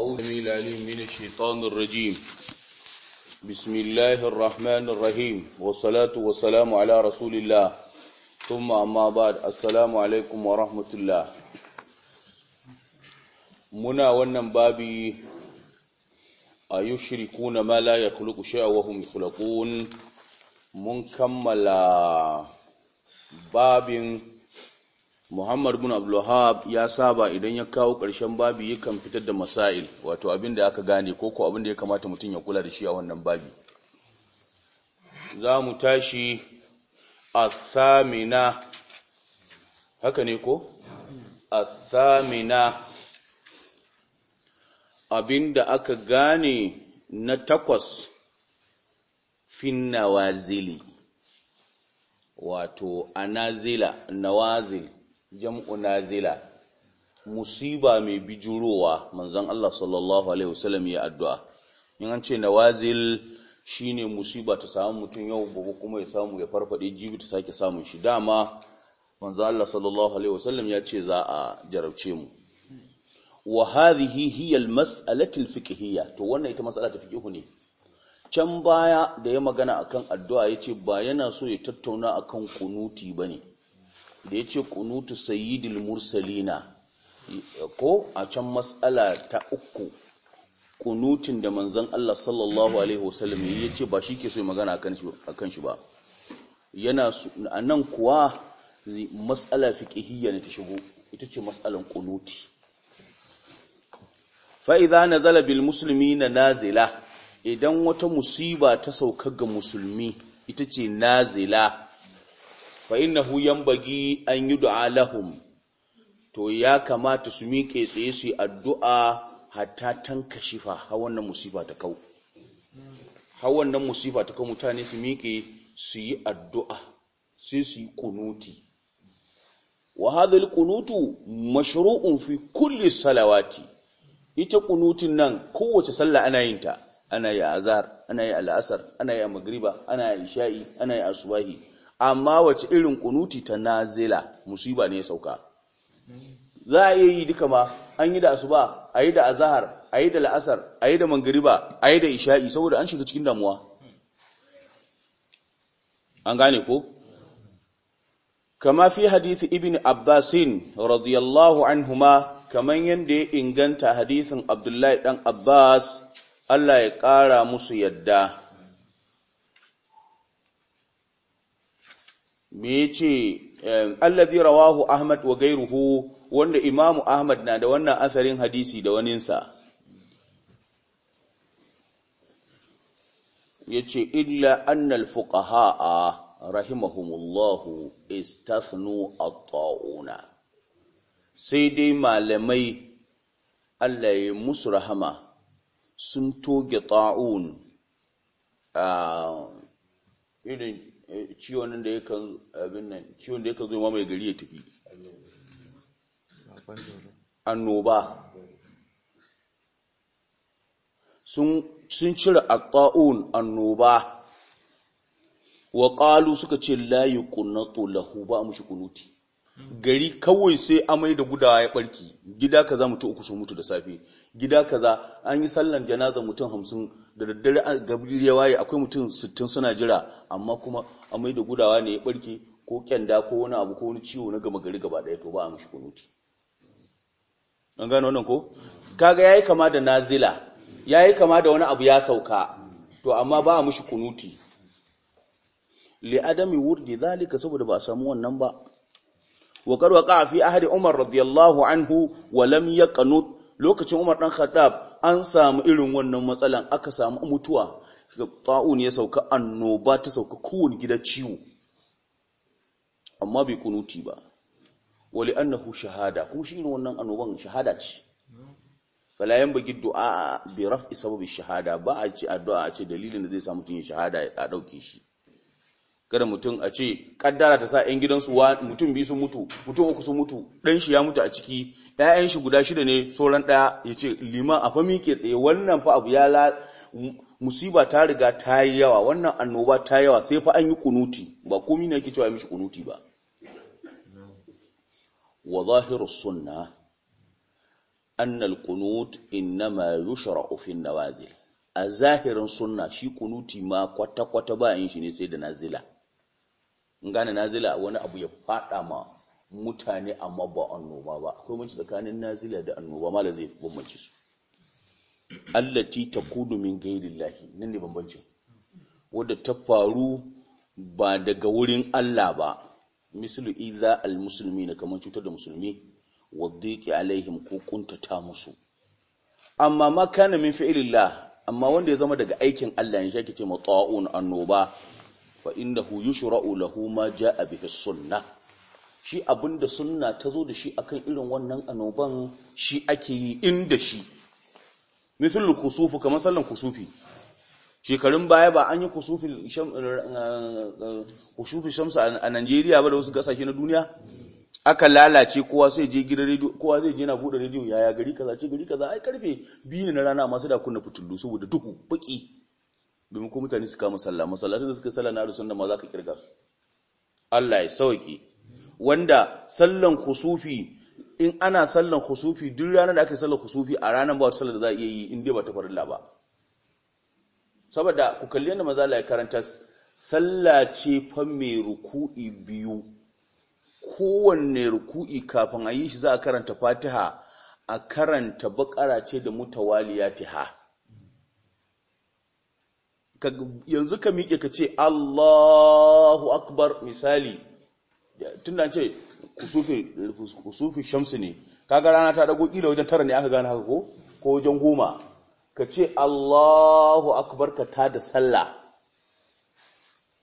أعوذ بالله من الشيطان الرجيم بسم الله الرحمن الرحيم والصلاة والسلام على رسول الله ثم أما بعد السلام عليكم ورحمة الله منا ونن بابي أيشركون ما لا يخلق شيئا وهم يخلقون من كمل بابٍ Muhammad bin Abdulwahab ya saba idan ya kawo ƙarshen babi yakan fitar da masail wato abin da aka gane ko ko abin da ya kamata mutum ya kula da shi a wannan babi za mu tashi a Samina, haka ne ko A Samina. abin da aka gane na takwas finna wato anazila nawazili jam'u nazila musiba mai bijirowa, manzon Allah sallallahu alaihi wasallam ya addu'a in an ce nawazil shine musiba ta samu mutum yau gobe kuma ya samu ya farfade jibi ta sake samun shi dama manzon Allah sallallahu alaihi wasallam ya ce za a jarabce mu wa hadhihi hiya al to wannan ita mas'ala ta fiqhu ne can baya da ya magana akan addu'a yace ba yana so ya tattauna akan kunuti ne. da ya ce kunutu sayyidil mursalina ko a can matsala ta uku kunutun da manzan Allah sallallahu alaihi wasallam ya ce ba shi ke so magana a kan ba yana a nan kuwa matsala ƙihiyya na ta shigo ita ce matsalan kunuti fa'iza na zalabil musulmi na nazila idan wata musiba ta sauka ga musulmi ita ce nazila fa innahu bagi an yi du'a lahum to ya kamata su miƙe tsaye su yi addu'a hatta tankashifa har wannan musiba ta kau har wannan musiba ta kau mutane su miƙe su yi addu'a sai su yi kunuti wa hadhal kunutu mashru'un fi kulli salawati ita kunutin nan kowace sallah ana yin ta ana yi azhar ana yi al'asar ana yi magriba ana yi isha'i ana yi asubahi amma wace irin kunuti ta nazila musiba ne sauka za a yi duka ma an yi da asuba a yi da azahar a yi da la'asar a yi da mangariba a yi da isha'i saboda an shiga cikin damuwa an gane ko kama fi hadithi ibn abbasin radiyallahu anhuma kaman yadda ya inganta hadithin abdullahi dan abbas allah ya ƙara musu yadda me yace eh, allazi rawahu ahmad wa gairuhu wanda imamu ahmad na da wannan asarin hadisi da waninsa yace illa annal fuqahaa rahimahumullahu istathnu at-ta'una sai dai malamai Allah ya musu rahama sun toge ta'un ah, irin ciwon nan da yakan abin nan ciwon da gari ya tafi annoba sun cire atta'un annoba wa qalu suka ce layi yuqnatu lahu ba mushi kunuti gari kawai sai amai da gudawa ya barki gida kaza mutum uku sun mutu da safe gida kaza an yi sallan janaza mutum hamsin da daddare a gabri ya waye akwai mutum sittin suna jira amma kuma amai da gudawa ne ya barki ko kyanda ko wani abu ko wani ciwo na gama gari gaba daya to ba a mishi kunuti an gano wannan ko kaga yayi kama da nazila yayi kama da wani abu ya sauka to amma ba a mashi kunuti li adami wurdi zalika saboda ba a samu wannan ba وقد وقع في أهل عمر رضي الله عنه ولم يقنط lokacin Umar ɗan Khattab an samu irin wannan matsalan aka samu mutuwa ta'un ya sauka annoba ta sauka kowane gida ciwo amma bai kunuti ba wali annahu shahada kuma shi ne wannan annoban shahada ce fala yanbaghi du'a bi raf'i sababi shahada ba a ci addu'a a ce dalilin da zai sa mutun ya shahada a dauke shi kada mutum a ce kaddara ta sa 'yan gidansu mutum biyu sun mutu mutum uku sun mutu dan shi ya mutu a ciki 'ya'yan shi guda shida ne sauran ɗaya ya ce liman a fa mike tsaye wannan fa abu ya la musiba ta riga ta yi yawa wannan annoba ta yawa sai fa an yi kunuti ba komi ne yake cewa ya mishi kunuti ba wa zahiru sunna anna al-qunut innama yushra'u fi an-nawazil a zahirin sunna shi kunuti ma kwata-kwata ba yin shi ne sai da nazila in gane nazila wani abu ya fada ma mutane amma ba annoba ba akwai mace tsakanin nazila da annoba malam zai bambance su allati takudu min ghairillahi nan ne bambance wanda ta faru ba daga wurin Allah ba mislu iza na kaman cutar da musulmi wadhiqi alaihim ko kuntata musu amma ma kana min fi'lillah amma wanda ya zama daga aikin Allah ne shi ake ce mata'un annoba fa innahu shura'u lahu ma a bihi shi abinda sunna ta zo da shi akan irin wannan anoban shi ake yi inda shi mithlu khusufu kamar sallan khusufi shekarun baya ba an yi kusufi uh, uh, shamsa a Najeriya ba da wasu gasashe na duniya aka lalace kowa sai je gidan rediyo kowa zai je na bude rediyo yaya gari kaza ce gari kaza ai karfe biyu na rana masu da kunna fitullu saboda duhu baki domin ko mutane su kama sallah masallatun da suka sallah na rusun da ma za ka kirga su Allah ya sauke wanda sallan kusufi in ana sallan kusufi duk ranar da ake sallan kusufi a ranar ba sallar da za a iya yi in dai ba ta farilla ba saboda ku kalli yadda maza ya karanta sallah ce fa mai ruku'i biyu kowanne ruku'i kafin a yi shi za a karanta fatiha a karanta bakara ce da mutawaliyatiha yanzu ka miƙe ka ce Allahu akbar misali tun da ce kusufi shamsu ne kaga rana ta dago kila wajen tara ne aka gane haka ko ko wajen goma ka ce Allahu akbar ka ta da sallah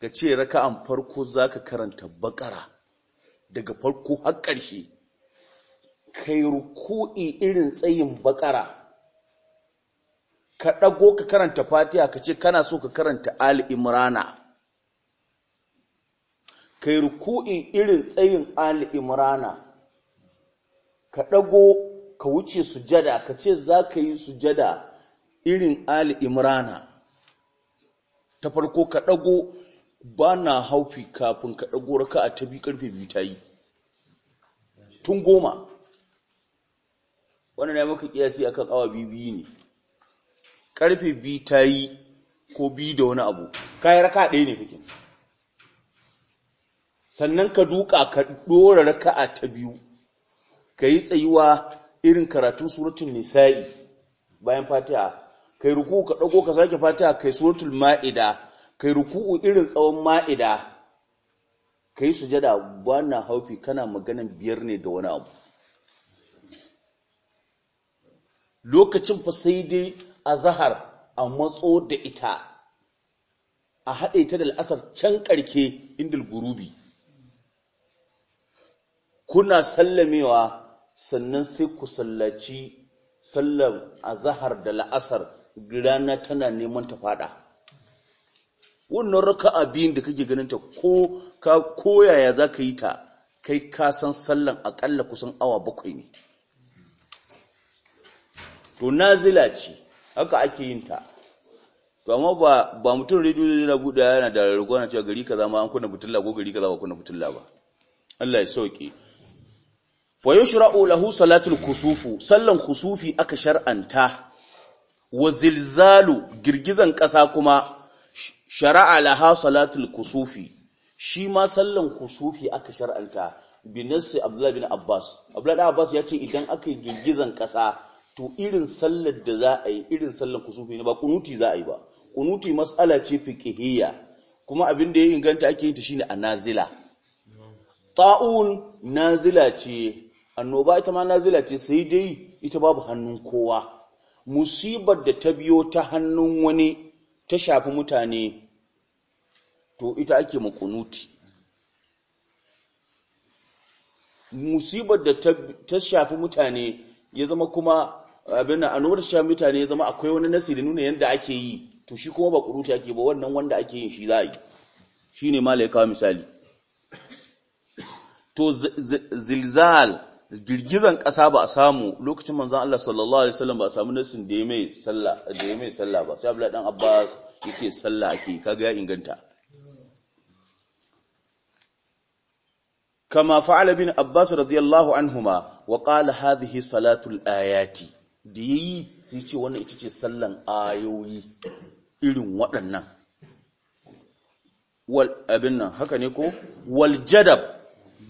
ka ce raka'an farko zaka karanta bakara daga farko har ƙarshe kai ruku'i irin tsayin bakara ka ɗago ka karanta fatiha ka ce kana so ka karanta ali imrana ka yi ruku'in irin tsayin ali imrana ka ɗago ka wuce sujada ka ce za ka yi sujada irin ali imrana ta farko ka ɗago ba na haufi kafin ka ɗago raka a tabi karfe biyu ta yi tun goma wannan ya maka kiyasi akan awa biyu biyu ne karfe bi ta yi ko bi da wani abu kayi raka ɗaya ne fikin sannan ka duka ka ɗora raka a ta biyu ka yi tsayuwa irin karatun suratun nisa'i bayan fatiha kai ruku ka ɗauko ka sake fatiha kai suratul ma'ida kai ruku'u irin tsawon ma'ida ka yi sujada bana haufi kana maganan biyar ne da wani abu lokacin fa sai dai azahar a matso da ita a haɗe ta da al'asar can ƙarke indil gurubi kuna sallamewa sannan sai ku sallaci sallar azahar da la'asar rana tana neman ta fada wannan raka biyun da kake ganin ta ko ka koyaya za ka yi ta kai kasan san sallan akalla kusan awa bakwai ne to nazila ce haka ake yin ta to ba ba mutum rediyo zai na buɗe yana da rago na cewa gari kaza ma an kunna fitilla ko gari kaza ba kunna fitilla ba Allah ya sauke fa yushra'u lahu salatul kusufu sallan kusufi aka shar'anta wa zilzalu girgizan ƙasa kuma shara'a laha salatul kusufi shi ma sallan kusufi aka shar'anta binasi abdullahi bin abbas abdullahi bin abbas ya ce idan aka yi girgizan ƙasa to irin sallar da za a yi irin sallar kusufi ne ba kunuti za a yi ba kunuti matsala ce fiqhiyya kuma abin da ya inganta ake yin ta shine a nazila ta'un nazila ce annoba ita ma nazila ce sai dai ita babu hannun kowa musibar da ta biyo ta hannun wani ta shafi mutane to ita ake kunuti musibar da ta shafi mutane ya zama kuma abin a nuna shi mutane zama akwai wani nasiri nuna yadda ake yi to shi kuma ba kuruta ake ba wannan wanda ake yin shi za a yi shi ne mala ya kawo misali to zilzal girgizan ƙasa ba a samu lokacin manzan Allah sallallahu alaihi wasallam ba a samu nasin da ya mai sallah da ya mai sallah ba sai Abdullahi dan Abbas yake sallah ake kaga ya inganta kama fa'ala bin Abbas radiyallahu anhuma wa qala hadhihi salatul ayati da ya yi sai ce wannan ita ce sallan ayoyi irin waɗannan abin nan haka ne ko waljadab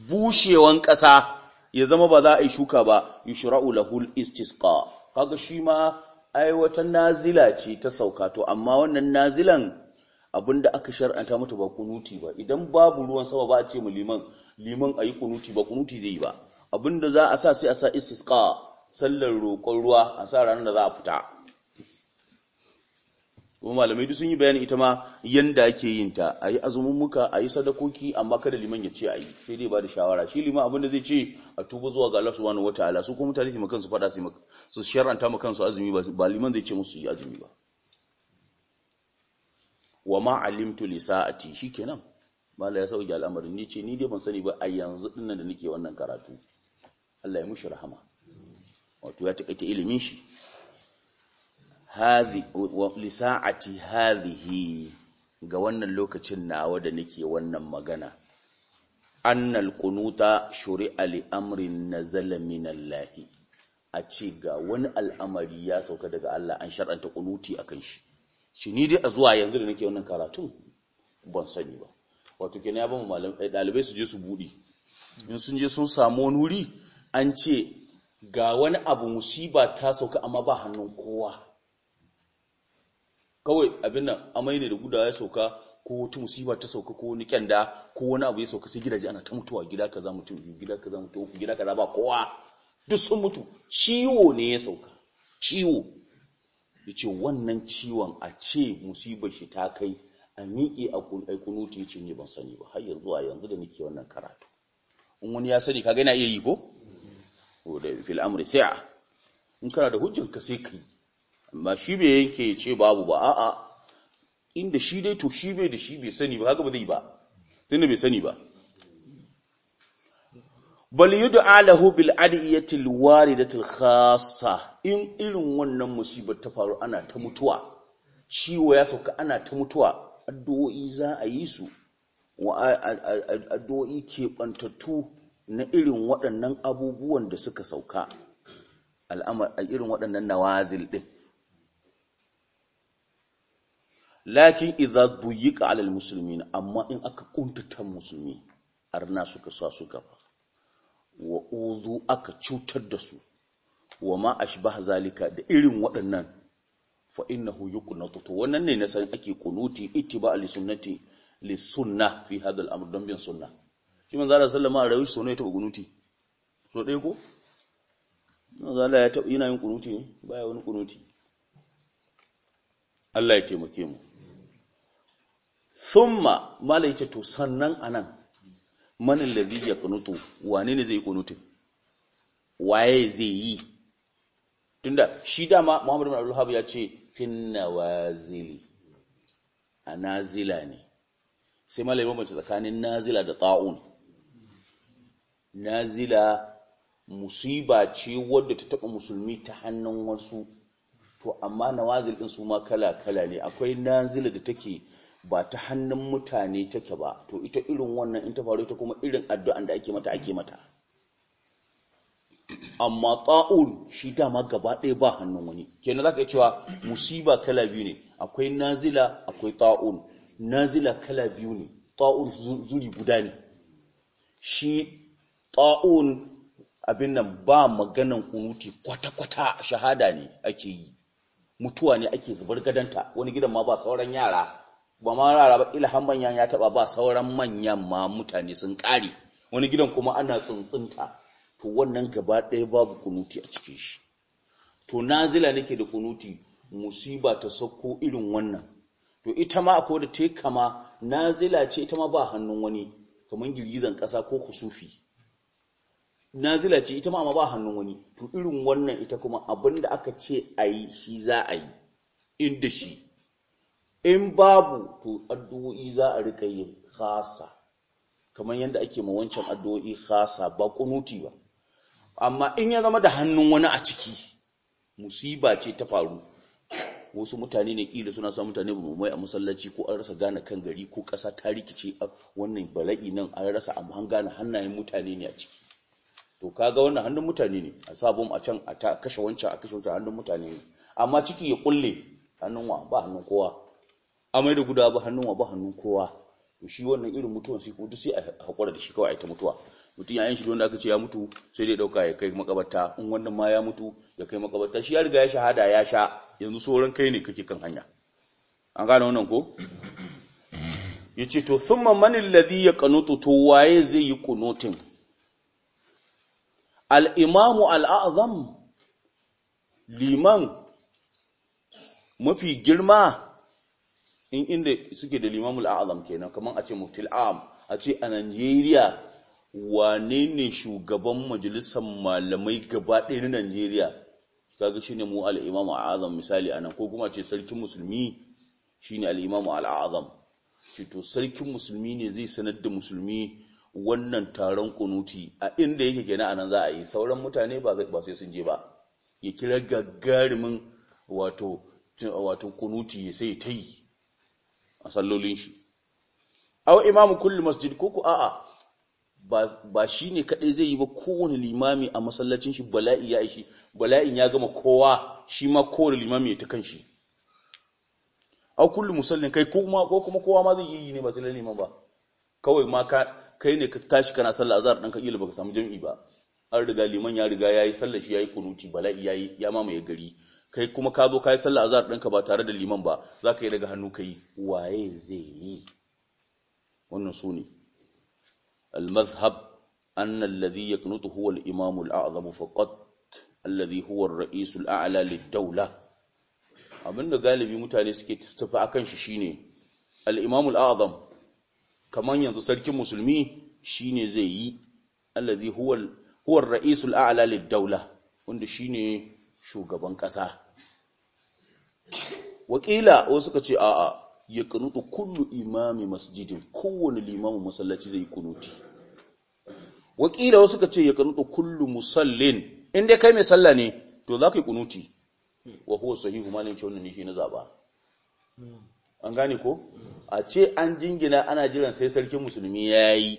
bushewan ƙasa ya zama ba za a yi shuka ba yushra'u lahul istisqa kaga shi ma aiwata nazila ce ta sauka to amma wannan nazilan abinda aka shar'anta mata ba kunuti ba idan babu ruwan sama ba a ce mu liman liman ayi kunuti ba kunuti zai yi ba abinda za a sa sai a sa istisqa sallar roƙon ruwa a sa ranar da za a fita kuma malamai duk sun yi bayani ita ma yanda ake yin ta a yi azumin muka a yi sadakoki amma kada liman ya ce a yi sai dai ba da shawara shi liman abin da zai ce a tuba zuwa ga Allah wata ala, su kuma mutane su makansu su fada su su sharanta makan su azumi ba ba liman zai ce musu yi azumi ba wa ma alimtu li kenan? shikenan ya sauki al'amarin ni ce ni dai ban sani ba a yanzu dinnan da nake wannan karatu Allah ya mushi rahama wato ya takaita ilimin shi hadhi wa li sa'ati hadhihi ga wannan lokacin nawa da nake wannan magana annal qunuta shuri'a li amrin nazala min Allah a ce ga wani al'amari ya sauka daga Allah an shar'anta qunuti akan shi shi ni dai a zuwa yanzu da nake wannan karatu? ban sani ba wato kenan ya ba mu malamai dalibai su je su budi in sun je sun samu wani wuri an ce ga wani abu musiba ta sauka amma ba hannun kowa kawai abin nan amai ne da gudawa ya sauka ko wata musiba ta sauka ko wani kyanda ko wani abu ya sauka sai gidaje ana ta mutuwa gida za mutum biyu gida za mutum uku gida ka za ba kowa duk sun mutu ciwo ne ya sauka ciwo Ya ce wannan ciwon a ce musibar shi ta kai a miƙe a kunuti ce ne ban sani ba har yanzu a yanzu da nake wannan karatu in wani ya sani kaga yana iya yi ko fil amri sa'a in kana da ka sai kai amma shi bai yanke ya ce babu ba a'a inda shi dai to shi bai da shi bai sani ba haka ba zai ba tunda bai sani ba bal yud'a lahu bil adiyati al waridati al khassa in irin wannan musibar ta faru ana ta mutuwa ciwo ya sauka ana ta mutuwa addu'o'i za a yi su wa addu'o'i bantattu na irin waɗannan abubuwan da suka sauka al'amar a irin waɗannan nawazil ɗin lakin idza duyika alal Musulmin amma in aka kuntata musulmi arna suka sa su gaba wa uzu aka cutar da su wa ma ashbah zalika da irin waɗannan fa innahu yuqnatu to wannan ne na san ake kunuti ittiba ba sunnati li sunnah fi hadha al-amr dan shi manzo Allah sallama a rawi so ne ta kunuti so dai ko manzo zala ya taɓa yana yin kunuti ne ba ya wani kunuti Allah ya taimake mu thumma malai ce to sannan anan biyu ya yakunutu wane ne zai kunuti waye zai yi tunda shi dama Muhammadu bin Habu ya ce wa zili, a nazila ne sai malai bambance tsakanin nazila da ta'un nazila musiba ce wadda ta taɓa musulmi ta hannun wasu to amma nawazil ɗin su ma kala-kala ne akwai nazila da take ba ta hannun mutane take ba to ita irin wannan in ta faru ita kuma irin addu'an da ake mata ake mata amma ta'ul shi dama gaba ɗaya ba hannun wani kenan zaka cewa musiba kala biyu ne akwai nazila akwai ta'ul nazila kala biyu ne ta'ul zuri guda ne shi ta'un abin nan ba maganan kunuti kwata-kwata shahada ne ake yi mutuwa ne ake zubar gadanta wani gidan ma ba sauran yara ba ma yara ba ilhan manyan ya taba ba sauran manyan ma mutane sun kare wani gidan kuma ana tsuntsunta to wannan gaba ɗaya babu kunuti a cikin shi to nazila nake da kunuti musiba ta sauko irin wannan to ita ma akwai da ta kama nazila ce ita ma ba hannun wani kamar girgizan ƙasa ko kusufi nazila ce ita ma amma ba hannun wani to irin wannan ita kuma abinda aka ce ayi shi za a yi inda shi in babu to addu'o'i za a rika yi khasa kamar yadda ake ma wancan addu'o'i khasa ba kunuti ba amma in ya zama da hannun wani a ciki musiba ce ta faru wasu mutane ne kila suna sa mutane mai a masallaci ko an rasa gane kan gari ko kasa ta rikice wannan bala'i nan an rasa amma an gane hannayen mutane ne a ciki to kaga wannan hannun mutane ne a sabon a can a ta kashe wancan a kashe wancan hannun mutane ne amma ciki ya kulle hannun wa ba hannun kowa amai da guda ba hannun wa ba hannun kowa to shi wannan irin mutuwan sai kudu sai a hakura da shi kawai ta mutuwa mutum yayin shi wanda aka ce ya mutu sai dai dauka ya kai makabarta in wannan ma ya mutu ya kai makabarta shi ya riga ya shahada ya sha yanzu sauran kai ne kake kan hanya an gane wannan ko yace to thumma man alladhi yaqnutu to waye zai yi qunutin al'imamu al'azam liman mafi girma in inda suke da limamul a'azam kenan kamar a ce muftil am a ce a Najeriya wane ne shugaban majalisar malamai gaba ɗaya na Najeriya kaga ne mu al-imamu misali anan ko kuma ce sarkin musulmi shi ne imamu al shi to sarkin musulmi ne zai sanar da musulmi wannan taron kunuti a inda yake a nan za a yi sauran mutane ba sai sun je ba ya kira gagarumin wato kunuti kunuti sai ta yi a sallolin shi awa imamu kulli masjid ko ku a'a ba shi ne kaɗai zai yi ba kowane limami a masallacin shi bala'i ya shi bala'in ya gama kowa shi ma kowane limami ya ta kan shi a kullum musallin kai ko kuma kowa ma zai yi ne ba zai lalima ba kawai ma ka kai ne ka tashi kana sallar azhar dan ka kila samu jami'i ba an riga liman ya riga yayi sallar shi yayi kunuti bala'i yayi ya mamaye gari kai kuma ka zo kai sallar azhar ɗinka ba tare da liman ba za ka yi daga hannu kai waye zai yi wannan su ne al-mazhab anna alladhi yaqnutu huwa al-imam al-a'zam faqat alladhi huwa ar-ra'is al-a'la lid-dawla abinda galibi mutane suke tafi akan shi shine al-imam al-a'zam kaman yanzu sarkin musulmi shine zai yi allazi huwa huwa ar-ra'isul a'la lid-dawla wanda shine shugaban kasa wakila wasu suka ce a'a ya kunutu kullu imami masjidin kowane limamin masallaci zai kunuti wakila wasu suka ce ya kunutu kullu musallin inda kai mai sallah ne to za ka yi kunuti wa huwa sahihu malin ce wannan ne shi na zaba hmm. an gane ko a ce an jingina ana jiran sai sarkin musulmi ya yi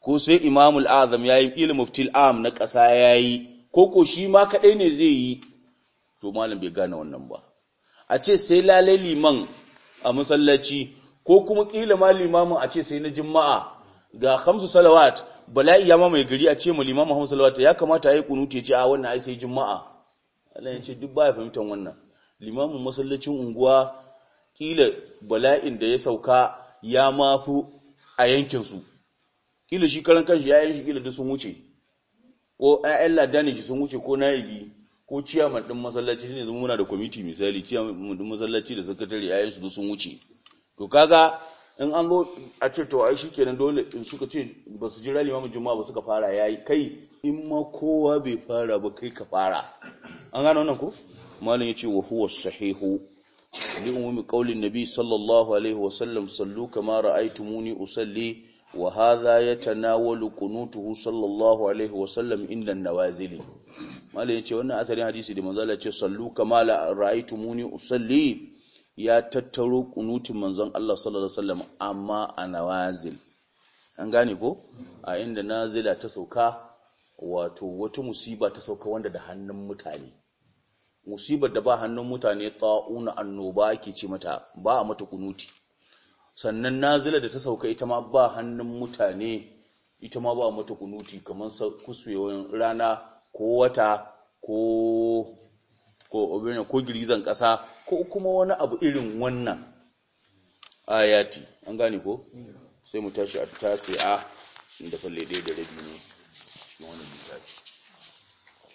ko sai imamul azam ya yi ilin muftil am na ƙasa ya yi ko ko shi ma kaɗai ne zai yi to malam bai gane wannan ba a ce sai lalai liman a masallaci ko kuma ƙila ma limamin a ce sai na juma'a ga hamsu salawat bala'i ya mai gari a ce ma limamin hamsu salawat ya kamata ya yi kunuti ya ce a wannan ai sai juma'a Allah ya ce duk baya fahimtar wannan limamin masallacin unguwa kila bala'in da ya sauka ya mafu a yankinsu kila shi karan kanshi ya yi shi kila duk sun wuce ko ayyan ladani shi sun wuce ko na'ibi ko ciyaman din masallaci ne zama muna da kwamiti misali ciyaman din masallaci da sakatare yi su sun wuce to kaga in an zo a ce to ai shikenan dole in suka ce ba su jira limamin juma ba suka fara ya yi kai in ma kowa bai fara ba kai ka fara an gano wannan ko malam ce, wa huwa sahihu لأمم قول النبي صلى الله عليه وسلم صلوا كما رأيتموني أصلي وهذا يتناول قنوته صلى الله عليه وسلم عند النوازل malai yace wannan asalin hadisi da manzo Allah ce كما kama la ra'aytumuni usalli ya tattaro kunutin manzon Allah sallallahu alaihi wasallam amma a nawazil an gane ko a inda nazila ta sauka wato wata musiba ta sauka wanda da hannun mutane musibar da ba hannun mutane ta'una annoba ake ce mata ba a mata kunuti sannan nazila da ta sauka ita ma ba hannun mutane ita ma ba mata kunuti kamar kuswewan rana ko wata ko ko ko girizan ƙasa ko kuma wani abu irin wannan ayati an gane ko sai mu tashi a a inda falle ɗaya da rabi ne cikin wannan littafi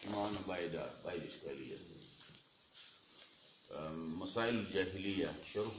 kuma wannan bai da bai da shi مسائل الجاهلية شرح